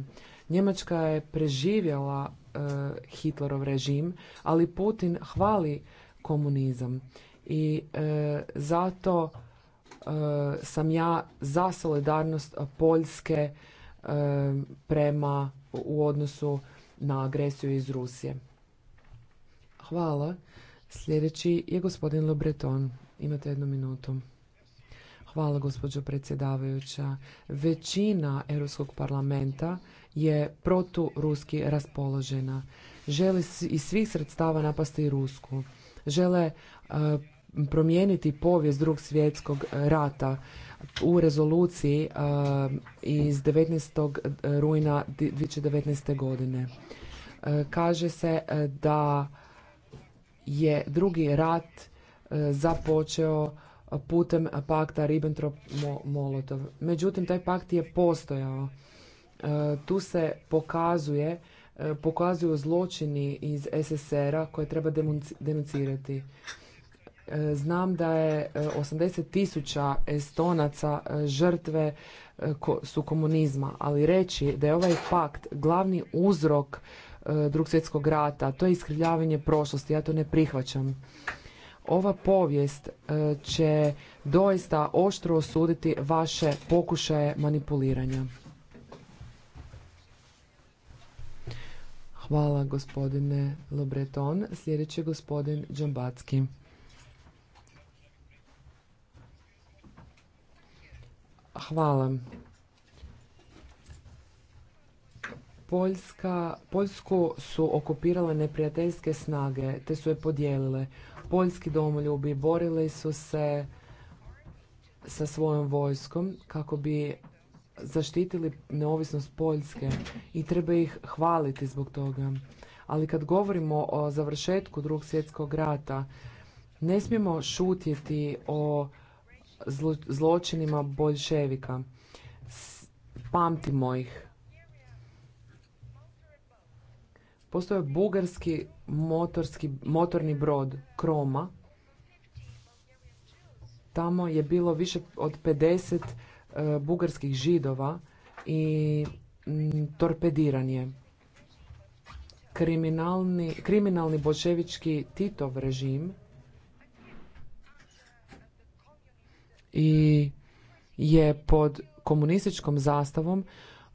Njemačka je preživjela Hitlerov režim, ali Putin hvali komunizam. I zato sam ja za solidarnost Poljske prema u odnosu na agresiju iz Rusije. Hvala. Sljedeći je gospodin Lobreton. Imate jednu minutu. Hvala, gospođo predsjedavajuća. Većina Europskog parlamenta je proturuski raspoložena. Želi iz svih sredstava napasti Rusku. Žele eh, promijeniti povijest Drug svjetskog rata u rezoluciji eh, iz 19. rujna 2019. godine. Eh, kaže se eh, da je drugi rat započeo putem pakta Ribbentrop-Molotov. Međutim, taj pakt je postojao. Tu se pokazuje pokazuju zločini iz SSR-a koje treba denuncirati. E, znam da je 80 e, tisuća estonaca e, žrtve su komunizma, ali reći da je ovaj pakt glavni uzrok drugog svjetskog rata, to je iskrivljavanje prošlosti, ja to ne prihvaćam. Ova povijest će doista oštro osuditi vaše pokušaje manipuliranja. Hvala gospodine Lobreton. Sljedeći je gospodin Džambacki. Hvala. Poljska, Poljsku su okupirale neprijateljske snage, te su je podijelile. Poljski domoljubi borili su se sa svojom vojskom kako bi zaštitili neovisnost Poljske i treba ih hvaliti zbog toga. Ali kad govorimo o završetku drugog svjetskog rata, ne smijemo šutjeti o zločinima boljševika. Pamtimo ih. Postoje bugarski motorski, motorni brod Kroma. Tamo je bilo više od 50 e, bugarskih židova i torpediran je. Kriminalni, kriminalni bolševički Titov režim i je pod komunističkom zastavom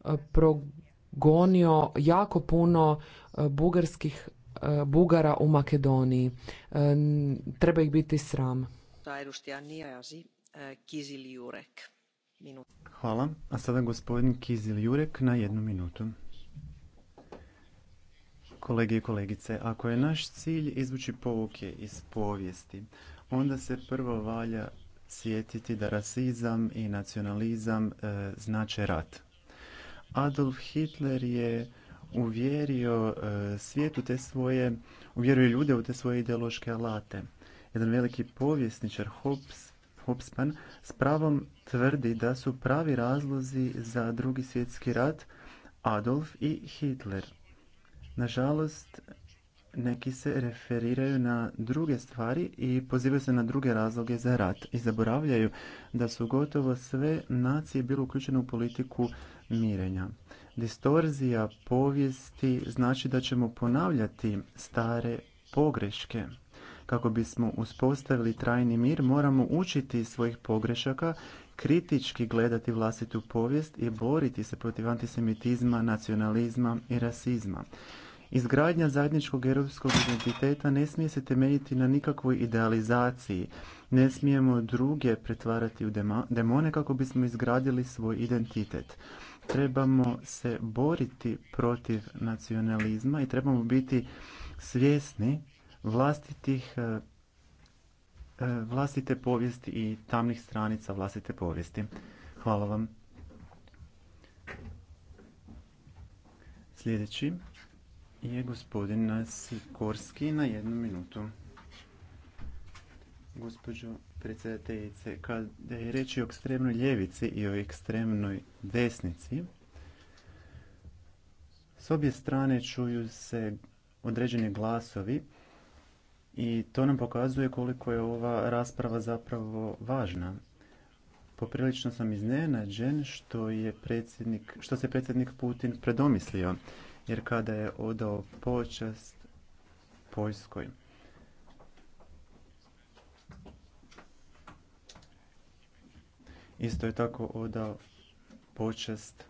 e, progonio jako puno e, bugarskih e, Bugara u Makedoniji. Treba ih biti sram. Hvala. A sada gospodin Kizil Jurek na jednu minutu. Kolege i kolegice, ako je naš cilj izvući pouke iz povijesti, onda se prvo valja sjetiti da rasizam i nacionalizam e, znače rat. Adolf Hitler je uvjerio e, u te svoje, uvjerio ljude u te svoje ideološke alate. Jedan veliki povjesničar Hobbes, Hobspan s pravom tvrdi da su pravi razlozi za drugi svjetski rat Adolf i Hitler. Nažalost, neki se referiraju na druge stvari i pozivaju se na druge razloge za rat i zaboravljaju da su gotovo sve nacije bile uključene u politiku mirenja. Distorzija povijesti znači da ćemo ponavljati stare pogreške. Kako bismo uspostavili trajni mir, moramo učiti svojih pogrešaka, kritički gledati vlastitu povijest i boriti se protiv antisemitizma, nacionalizma i rasizma. Izgradnja zajedničkog europskog identiteta ne smije se temeljiti na nikakvoj idealizaciji. Ne smijemo druge pretvarati u demone kako bismo izgradili svoj identitet. Trebamo se boriti protiv nacionalizma i trebamo biti svjesni vlastitih e, e, vlastite povijesti i tamnih stranica vlastite povijesti. Hvala vam. Sljedeći je gospodina Sikorski na jednu minutu. Gospođo predsjedateljice, kada je reč o ekstremnoj ljevici i o ekstremnoj desnici, s obje strane čuju se određeni glasovi i to nam pokazuje koliko je ova rasprava zapravo važna. Poprilično sam iznenađen što, je predsjednik, što se predsjednik Putin predomislio jer kada je odao počast Poljskoj. Isto je tako odao počast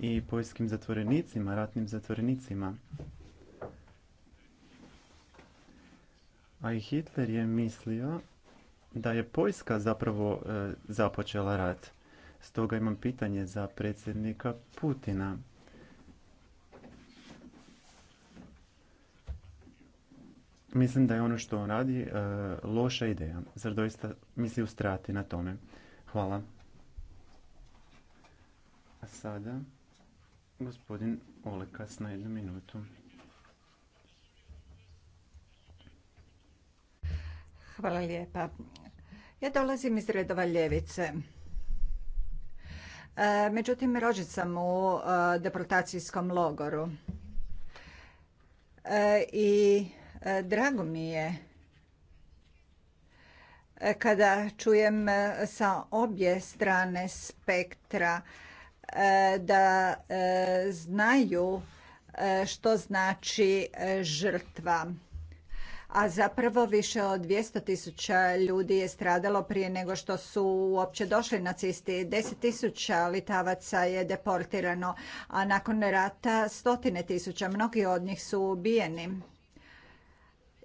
i poljskim zatvorenicima, ratnim zatvorenicima. A i Hitler je mislio da je Poljska zapravo e, započela rat. Stoga imam pitanje za predsjednika Putina. Mislim da je ono što on radi e, loša ideja. Zar doista misli ustrati na tome? Hvala. A sada gospodin Olekas na jednu minutu. Hvala lijepa. Ja dolazim iz redova ljevice. E, međutim, rođen sam u e, deportacijskom logoru. I E, drago mi je e, kada čujem e, sa obje strane spektra da znaju što znači žrtva. A zapravo više od 200 tisuća ljudi je stradalo prije nego što su uopće došli nacisti. 10 tisuća litavaca je deportirano, a nakon rata stotine tisuća. Mnogi od njih su ubijeni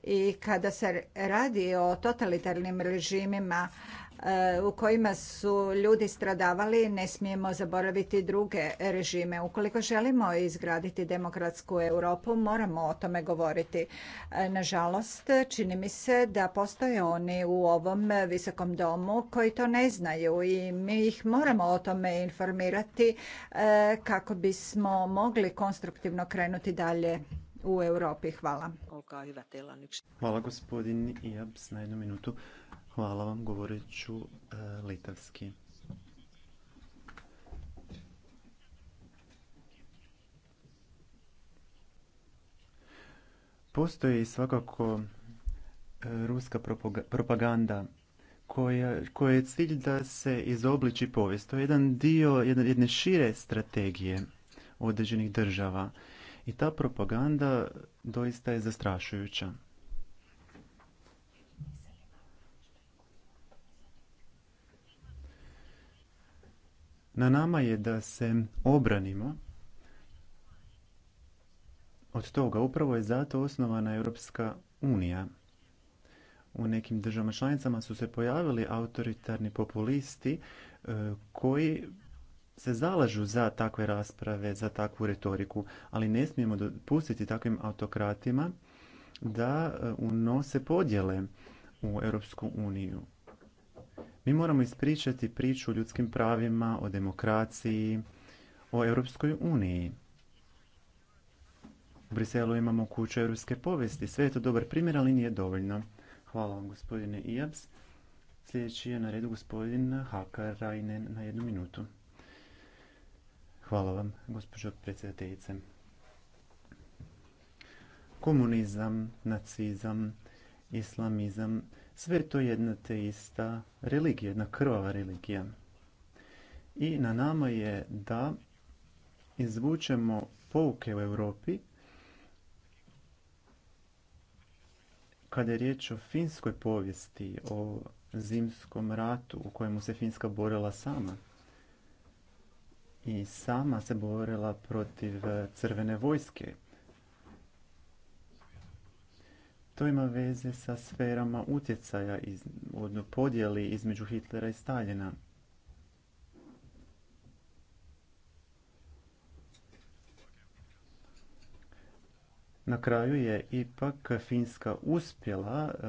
i kada se radi o totalitarnim režimima e, u kojima su ljudi stradavali, ne smijemo zaboraviti druge režime. Ukoliko želimo izgraditi demokratsku Europu, moramo o tome govoriti. E, nažalost, čini mi se da postoje oni u ovom visokom domu koji to ne znaju i mi ih moramo o tome informirati e, kako bismo mogli konstruktivno krenuti dalje u Europi. Hvala. Hvala gospodin Iabs na jednu minutu. Hvala vam, govorit ću e, litavski. Postoji svakako e, ruska propaganda koja, koja je cilj da se izobliči povijest. To je jedan dio jedne šire strategije određenih država i ta propaganda doista je zastrašujuća. Na nama je da se obranimo od toga. Upravo je zato osnovana Europska unija. U nekim državama članicama su se pojavili autoritarni populisti eh, koji se zalažu za takve rasprave, za takvu retoriku, ali ne smijemo dopustiti takvim autokratima da e, unose podjele u Europsku uniju. Mi moramo ispričati priču o ljudskim pravima, o demokraciji, o Europskoj uniji. U Briselu imamo kuću europske povijesti. Sve je to dobar primjer, ali nije dovoljno. Hvala vam, gospodine Iabs. Sljedeći je na redu gospodin Haka na jednu minutu. Hvala vam, gospođo predsjedateljice. Komunizam, nacizam, islamizam, sve je to jedna te ista religija, jedna krvava religija. I na nama je da izvučemo pouke u Europi kada je riječ o finskoj povijesti, o zimskom ratu u kojemu se Finska borila sama i sama se borila protiv e, crvene vojske. To ima veze sa sferama utjecaja, iz, odno podjeli između Hitlera i Staljina. Na kraju je ipak Finska uspjela e,